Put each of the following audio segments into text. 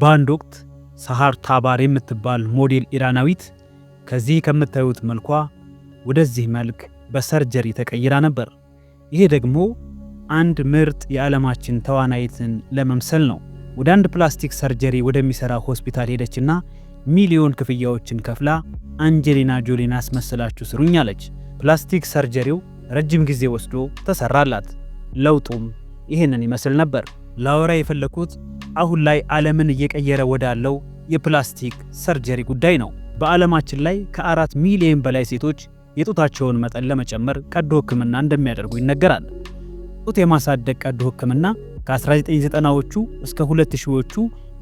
በአንድ ወቅት ሳሃር ታባር የምትባል ሞዴል ኢራናዊት ከዚህ ከምታዩት መልኳ ወደዚህ መልክ በሰርጀሪ ተቀይራ ነበር። ይሄ ደግሞ አንድ ምርጥ የዓለማችን ተዋናይትን ለመምሰል ነው። ወደ አንድ ፕላስቲክ ሰርጀሪ ወደሚሰራ ሆስፒታል ሄደችና ሚሊዮን ክፍያዎችን ከፍላ አንጀሊና ጆሊን አስመስላችሁ ስሩኝ አለች። ፕላስቲክ ሰርጀሪው ረጅም ጊዜ ወስዶ ተሰራላት። ለውጡም ይህንን ይመስል ነበር። ላወራ የፈለኩት አሁን ላይ ዓለምን እየቀየረ ወዳለው የፕላስቲክ ሰርጀሪ ጉዳይ ነው። በዓለማችን ላይ ከአራት ሚሊዮን በላይ ሴቶች የጡታቸውን መጠን ለመጨመር ቀዶ ሕክምና እንደሚያደርጉ ይነገራል። ጡት የማሳደግ ቀዶ ሕክምና ከ1990ዎቹ እስከ 2000ዎቹ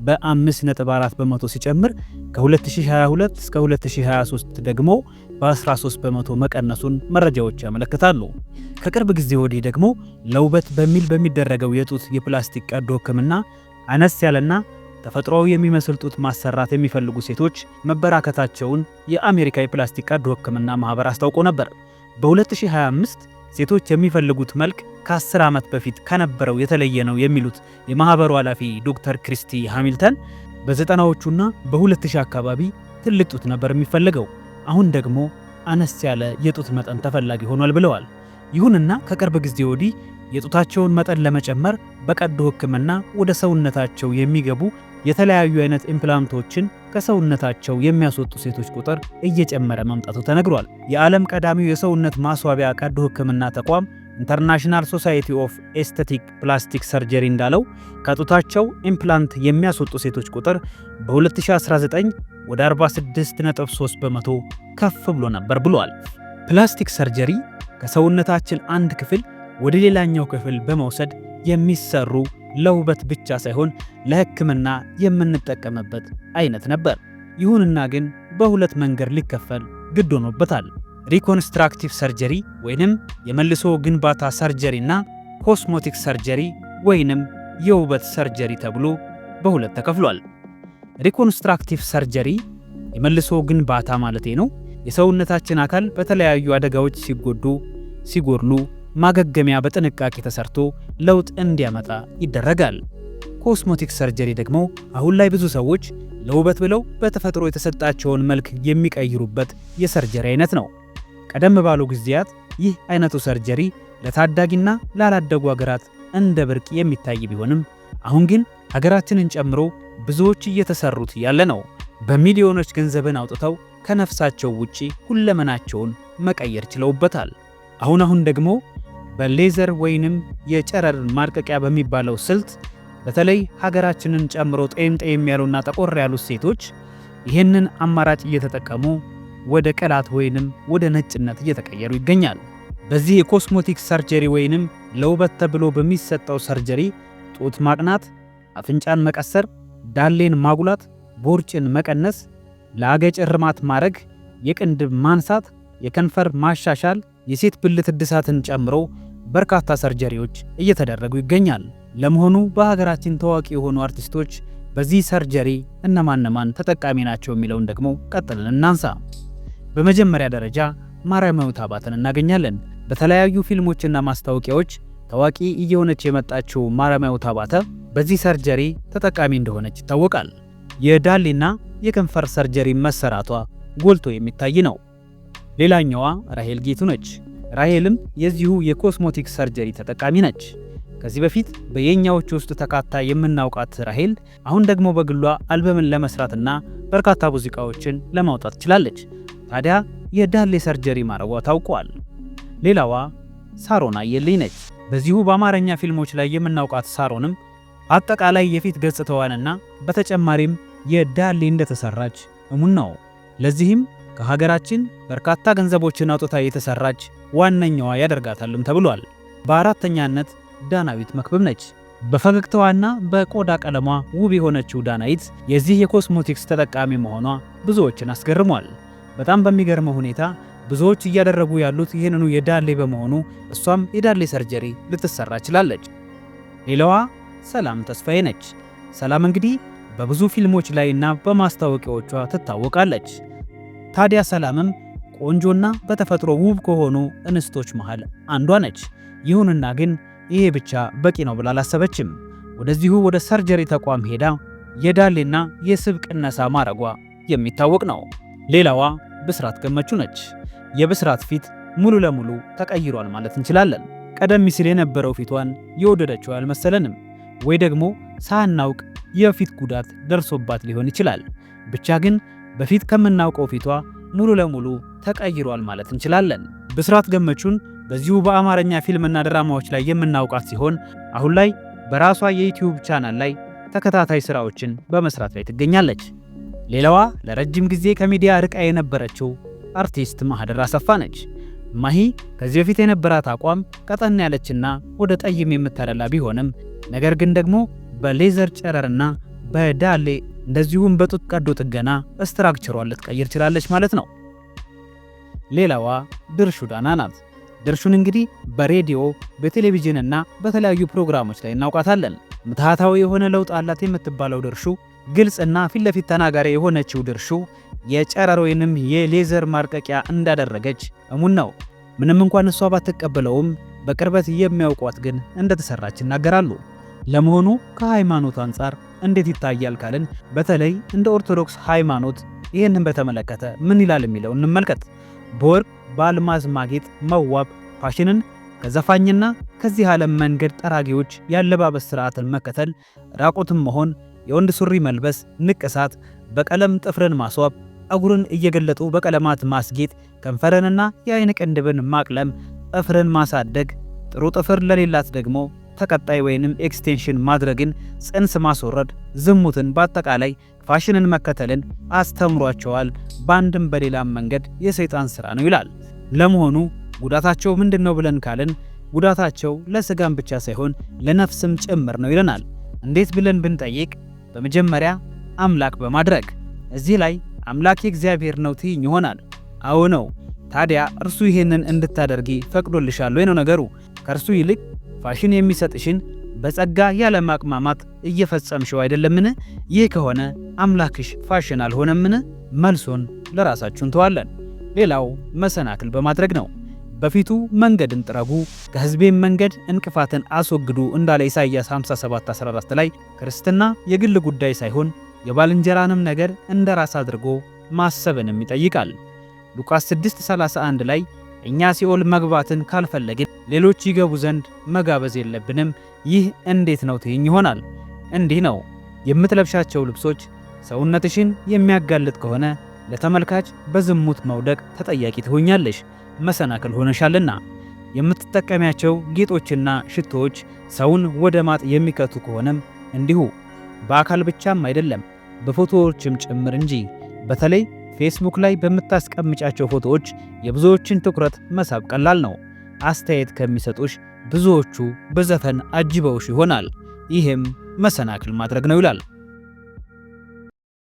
በ5.4 በመቶ ሲጨምር ከ2022 እስከ 2023 ደግሞ በ13 በመቶ መቀነሱን መረጃዎች ያመለክታሉ። ከቅርብ ጊዜ ወዲህ ደግሞ ለውበት በሚል በሚደረገው የጡት የፕላስቲክ ቀዶ ሕክምና አነስ ያለና ተፈጥሮዊ የሚመስል ጡት ማሰራት የሚፈልጉ ሴቶች መበራከታቸውን የአሜሪካ የፕላስቲክ ቀዶ ሕክምና ማህበር አስታውቆ ነበር። በ2025 ሴቶች የሚፈልጉት መልክ ከ10 ዓመት በፊት ከነበረው የተለየ ነው የሚሉት የማህበሩ ኃላፊ ዶክተር ክሪስቲ ሃሚልተን በዘጠናዎቹና በ2000 አካባቢ ትልቅ ጡት ነበር የሚፈልገው፣ አሁን ደግሞ አነስ ያለ የጡት መጠን ተፈላጊ ሆኗል ብለዋል። ይሁንና ከቅርብ ጊዜ ወዲህ የጡታቸውን መጠን ለመጨመር በቀዶ ሕክምና ወደ ሰውነታቸው የሚገቡ የተለያዩ አይነት ኢምፕላንቶችን ከሰውነታቸው የሚያስወጡ ሴቶች ቁጥር እየጨመረ መምጣቱ ተነግሯል። የዓለም ቀዳሚው የሰውነት ማስዋቢያ ቀዶ ሕክምና ተቋም ኢንተርናሽናል ሶሳይቲ ኦፍ ኤስቴቲክ ፕላስቲክ ሰርጀሪ እንዳለው ከጡታቸው ኢምፕላንት የሚያስወጡ ሴቶች ቁጥር በ2019 ወደ 46.3 በመቶ ከፍ ብሎ ነበር ብሏል። ፕላስቲክ ሰርጀሪ ከሰውነታችን አንድ ክፍል ወደ ሌላኛው ክፍል በመውሰድ የሚሰሩ ለውበት ብቻ ሳይሆን ለሕክምና የምንጠቀምበት አይነት ነበር። ይሁንና ግን በሁለት መንገድ ሊከፈል ግድ ሆኖበታል። ሪኮንስትራክቲቭ ሰርጀሪ ወይንም የመልሶ ግንባታ ሰርጀሪና ኮስሞቲክ ሰርጀሪ ወይንም የውበት ሰርጀሪ ተብሎ በሁለት ተከፍሏል። ሪኮንስትራክቲቭ ሰርጀሪ የመልሶ ግንባታ ማለቴ ነው። የሰውነታችን አካል በተለያዩ አደጋዎች ሲጎዱ ሲጎድሉ ማገገሚያ በጥንቃቄ ተሰርቶ ለውጥ እንዲያመጣ ይደረጋል። ኮስሞቲክ ሰርጀሪ ደግሞ አሁን ላይ ብዙ ሰዎች ለውበት ብለው በተፈጥሮ የተሰጣቸውን መልክ የሚቀይሩበት የሰርጀሪ አይነት ነው። ቀደም ባሉ ጊዜያት ይህ አይነቱ ሰርጀሪ ለታዳጊና ላላደጉ ሀገራት እንደ ብርቅ የሚታይ ቢሆንም አሁን ግን ሀገራችንን ጨምሮ ብዙዎች እየተሰሩት ያለ ነው። በሚሊዮኖች ገንዘብን አውጥተው ከነፍሳቸው ውጪ ሁለመናቸውን መቀየር ችለውበታል። አሁን አሁን ደግሞ በሌዘር ወይንም የጨረር ማድቀቂያ በሚባለው ስልት በተለይ ሀገራችንን ጨምሮ ጤም ጤም ያሉና ጠቆር ያሉት ሴቶች ይህንን አማራጭ እየተጠቀሙ ወደ ቀላት ወይንም ወደ ነጭነት እየተቀየሩ ይገኛል። በዚህ የኮስሞቲክ ሰርጀሪ ወይንም ለውበት ተብሎ በሚሰጠው ሰርጀሪ ጡት ማቅናት፣ አፍንጫን መቀሰር፣ ዳሌን ማጉላት፣ ቦርጭን መቀነስ፣ ለአገጭ እርማት ማድረግ፣ የቅንድብ ማንሳት የከንፈር ማሻሻል፣ የሴት ብልት እድሳትን ጨምሮ በርካታ ሰርጀሪዎች እየተደረጉ ይገኛል። ለመሆኑ በሀገራችን ታዋቂ የሆኑ አርቲስቶች በዚህ ሰርጀሪ እነማን ነማን ተጠቃሚ ናቸው የሚለውን ደግሞ ቀጥለን እናንሳ። በመጀመሪያ ደረጃ ማርያማዊት አባተን እናገኛለን። በተለያዩ ፊልሞችና ማስታወቂያዎች ታዋቂ እየሆነች የመጣችው ማርያማዊት አባተ በዚህ ሰርጀሪ ተጠቃሚ እንደሆነች ይታወቃል። የዳሌና የከንፈር ሰርጀሪ መሰራቷ ጎልቶ የሚታይ ነው። ሌላኛዋ ራሄል ጌቱ ነች። ራሄልም የዚሁ የኮስሞቲክ ሰርጀሪ ተጠቃሚ ነች። ከዚህ በፊት በየኛዎች ውስጥ ተካታ የምናውቃት ራሄል አሁን ደግሞ በግሏ አልበምን ለመስራትና በርካታ ሙዚቃዎችን ለማውጣት ችላለች። ታዲያ የዳሌ ሰርጀሪ ማረቧ ታውቋል። ሌላዋ ሳሮን አየልኝ ነች። በዚሁ በአማርኛ ፊልሞች ላይ የምናውቃት ሳሮንም አጠቃላይ የፊት ገጽታዋንና በተጨማሪም የዳሌ እንደተሰራች እሙን ነው። ለዚህም ከሀገራችን በርካታ ገንዘቦችን አውጥታ የተሰራች ዋነኛዋ ያደርጋታልም ተብሏል። በአራተኛነት ዳናዊት መክብብ ነች። በፈገግታዋና በቆዳ ቀለሟ ውብ የሆነችው ዳናዊት የዚህ የኮስሞቲክስ ተጠቃሚ መሆኗ ብዙዎችን አስገርሟል። በጣም በሚገርመው ሁኔታ ብዙዎች እያደረጉ ያሉት ይህንኑ የዳሌ በመሆኑ እሷም የዳሌ ሰርጀሪ ልትሰራ ችላለች። ሌላዋ ሰላም ተስፋዬ ነች። ሰላም እንግዲህ በብዙ ፊልሞች ላይ እና በማስታወቂያዎቿ ትታወቃለች። ታዲያ ሰላምም ቆንጆና በተፈጥሮ ውብ ከሆኑ እንስቶች መሃል አንዷ ነች። ይሁንና ግን ይሄ ብቻ በቂ ነው ብላ አላሰበችም። ወደዚሁ ወደ ሰርጀሪ ተቋም ሄዳ የዳሌና የስብ ቅነሳ ማረጓ የሚታወቅ ነው። ሌላዋ ብስራት ገመቹ ነች። የብስራት ፊት ሙሉ ለሙሉ ተቀይሯል ማለት እንችላለን። ቀደም ሲል የነበረው ፊቷን የወደደችው አልመሰለንም። ወይ ደግሞ ሳናውቅ የፊት ጉዳት ደርሶባት ሊሆን ይችላል። ብቻ ግን በፊት ከምናውቀው ፊቷ ሙሉ ለሙሉ ተቀይሯል ማለት እንችላለን። ብስራት ገመቹን በዚሁ በአማርኛ ፊልምና ድራማዎች ላይ የምናውቃት ሲሆን አሁን ላይ በራሷ የዩትዩብ ቻናል ላይ ተከታታይ ስራዎችን በመስራት ላይ ትገኛለች። ሌላዋ ለረጅም ጊዜ ከሚዲያ ርቃ የነበረችው አርቲስት ማህደር አሰፋ ነች። ማሂ ከዚህ በፊት የነበራት አቋም ቀጠን ያለችና ወደ ጠይም የምታደላ ቢሆንም ነገር ግን ደግሞ በሌዘር ጨረርና በዳሌ እንደዚሁም በጡት ቀዶ ጥገና ስትራክቸሯን ልትቀይር ችላለች ማለት ነው። ሌላዋ ድርሹ ዳና ናት። ድርሹን እንግዲህ በሬዲዮ በቴሌቪዥንና በተለያዩ ፕሮግራሞች ላይ እናውቃታለን። ምትሃታዊ የሆነ ለውጥ አላት የምትባለው ድርሹ ግልጽና ፊት ለፊት ተናጋሪ የሆነችው ድርሹ የጨረር ወይንም የሌዘር ማርቀቂያ እንዳደረገች እሙን ነው። ምንም እንኳን እሷ ባትቀበለውም በቅርበት የሚያውቋት ግን እንደተሰራች ይናገራሉ። ለመሆኑ ከሃይማኖት አንጻር እንዴት ይታያል ካልን በተለይ እንደ ኦርቶዶክስ ሃይማኖት ይህንን በተመለከተ ምን ይላል የሚለው እንመልከት። በወርቅ በአልማዝ ማጌጥ መዋብ ፋሽንን ከዘፋኝና ከዚህ ዓለም መንገድ ጠራጊዎች ያለባበስ ስርዓትን መከተል፣ ራቁትም መሆን፣ የወንድ ሱሪ መልበስ፣ ንቅሳት፣ በቀለም ጥፍርን ማስዋብ፣ ጸጉርን እየገለጡ በቀለማት ማስጌጥ፣ ከንፈርንና የአይን ቅንድብን ማቅለም፣ ጥፍርን ማሳደግ፣ ጥሩ ጥፍር ለሌላት ደግሞ ተቀጣይ ወይንም ኤክስቴንሽን ማድረግን፣ ጽንስ ማስወረድ፣ ዝሙትን፣ በአጠቃላይ ፋሽንን መከተልን አስተምሯቸዋል። በአንድም በሌላም መንገድ የሰይጣን ስራ ነው ይላል። ለመሆኑ ጉዳታቸው ምንድን ነው ብለን ካልን ጉዳታቸው ለስጋም ብቻ ሳይሆን ለነፍስም ጭምር ነው ይለናል። እንዴት ብለን ብንጠይቅ በመጀመሪያ አምላክ በማድረግ እዚህ ላይ አምላክ የእግዚአብሔር ነው ትይኝ ይሆናል። አዎ ነው። ታዲያ እርሱ ይህንን እንድታደርጊ ፈቅዶልሻል ወይ ነው ነገሩ። ከእርሱ ይልቅ ፋሽን የሚሰጥሽን በጸጋ ያለማቅማማት እየፈጸምሽው አይደለምን? ይህ ከሆነ አምላክሽ ፋሽን አልሆነምን? መልሶን ለራሳችሁ እንተዋለን። ሌላው መሰናክል በማድረግ ነው። በፊቱ መንገድን ጥረጉ ከሕዝቤም መንገድ እንቅፋትን አስወግዱ እንዳለ ኢሳይያስ 57:14 ላይ ክርስትና የግል ጉዳይ ሳይሆን የባልንጀራንም ነገር እንደ ራስ አድርጎ ማሰብንም ይጠይቃል። ሉቃስ 6:31 ላይ እኛ ሲኦል መግባትን ካልፈለግን ሌሎች ይገቡ ዘንድ መጋበዝ የለብንም። ይህ እንዴት ነው ትይኝ ይሆናል። እንዲህ ነው። የምትለብሻቸው ልብሶች ሰውነትሽን የሚያጋልጥ ከሆነ ለተመልካች በዝሙት መውደቅ ተጠያቂ ትሆኛለሽ፣ መሰናክል ሆነሻልና። የምትጠቀሚያቸው ጌጦችና ሽቶዎች ሰውን ወደ ማጥ የሚከቱ ከሆነም እንዲሁ። በአካል ብቻም አይደለም በፎቶዎችም ጭምር እንጂ በተለይ ፌስቡክ ላይ በምታስቀምጫቸው ፎቶዎች የብዙዎችን ትኩረት መሳብ ቀላል ነው። አስተያየት ከሚሰጡሽ ብዙዎቹ በዘፈን አጅበውሽ ይሆናል። ይህም መሰናክል ማድረግ ነው ይላል።